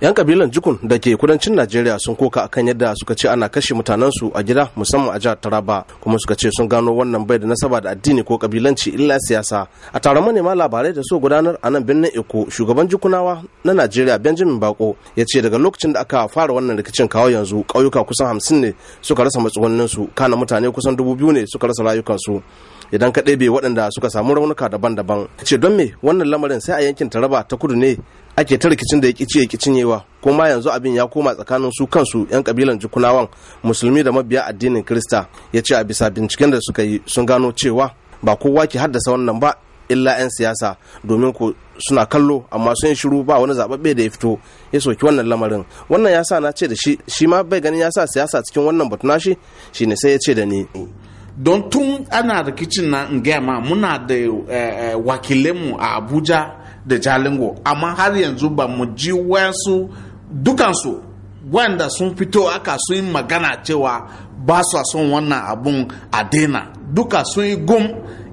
'yan kabilan jikun da ke kudancin najeriya sun koka akan yadda suka ce ana kashe mutanensu a gida musamman a jihar taraba kuma suka ce sun gano wannan bai da nasaba da addini ko kabilanci illa siyasa a taron manema labarai da so gudanar a nan birnin eko shugaban jikunawa na najeriya benjamin bako ya ce daga lokacin da aka fara wannan rikicin kawo yanzu ƙauyuka kusan hamsin ne suka rasa matsugunninsu kana mutane kusan dubu biyu ne suka rasa rayukansu idan ka ɗebe waɗanda suka samu raunuka daban-daban ce don me wannan lamarin sai a yankin taraba ta kudu ne ake ta rikicin da ya kici ya kicinyewa kuma yanzu abin ya koma tsakanin su kansu 'yan kabilan jukunawan musulmi da mabiya addinin krista ya ce a bisa binciken da suka yi sun gano cewa ba kowa ke haddasa wannan ba illa 'yan siyasa domin ko suna kallo amma sun shiru ba wani zababbe da ya fito ya soki wannan lamarin wannan ya sa na ce da shi shi ma bai ganin ya sa siyasa cikin wannan batu shi ne sai ya ce da ni don tun ana rikicin na in gaya muna da eh, eh, wakilinmu a abuja da jalingo amma har yanzu ba mu ji wayansu dukansu wanda sun fito aka sun yi magana cewa ba su son wannan abun a daina duka sun yi gum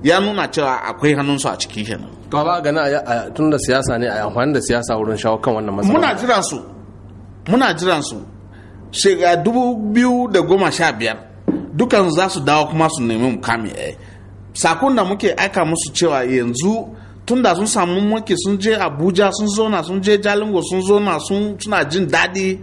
ya nuna cewa akwai hannunsu a ciki kenan ba ba gana tun da siyasa ne a amfani da siyasa wurin shawo kan wannan matsala muna jiran su muna jiran su shiga dubu biyu da goma sha biyar dukansu za su dawo kuma su nemi mukami eh sakon da muke aika musu cewa yanzu tun da sun samu mulki sun je abuja sun zona sun je jalingo sun zona suna jin daɗi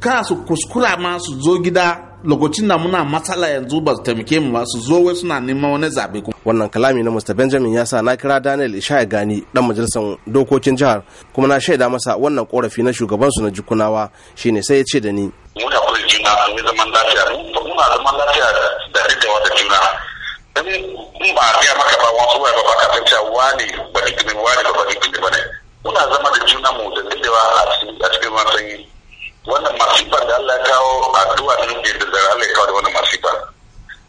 ka su kuskura ma su zo gida lokacin da muna matsala yanzu ba su taimake mu ba su zo wai suna neman wani zabe kuma wannan kalami na Mr. Benjamin ya sa na kira Daniel Ishaya Gani dan majalisar dokokin jihar kuma na shaida masa wannan korafi na shugaban su na jikunawa shine sai ya ce da ni muna kuma juna mun zaman lafiya muna zaman lafiya da dawa da juna dan in ba a maka ba wasu waya ba ka san cewa wani ba digiri wani ba ba ba ne muna zama da juna mu da dadewa a cikin wasan wannan masifan da Allah ya kawo addu'a da nuke da zara Allah ya kawo da wannan masifan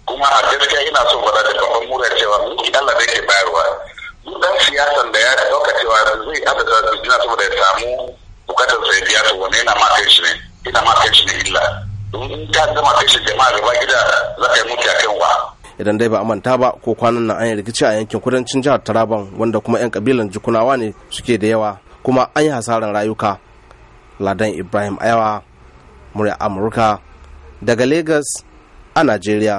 kuma a gaskiya ina so faɗa da babban mura cewa mulki Allah da yake bayarwa duk dan siyasan da ya dauka cewa zai adada da juna saboda ya samu bukatar sai biya to wannan yana ma kai shi ne ina ma kai shi ne illa in ka zama kai shi jama'a gaba gida za ka yi mutu a kan wa idan dai ba a manta ba ko kwanan nan an yi rikici a yankin kudancin jihar taraban wanda kuma 'yan kabilan jikunawa ne suke da yawa kuma an yi hasarar rayuka ladan ibrahim ayawa murya amurka daga lagos a najeriya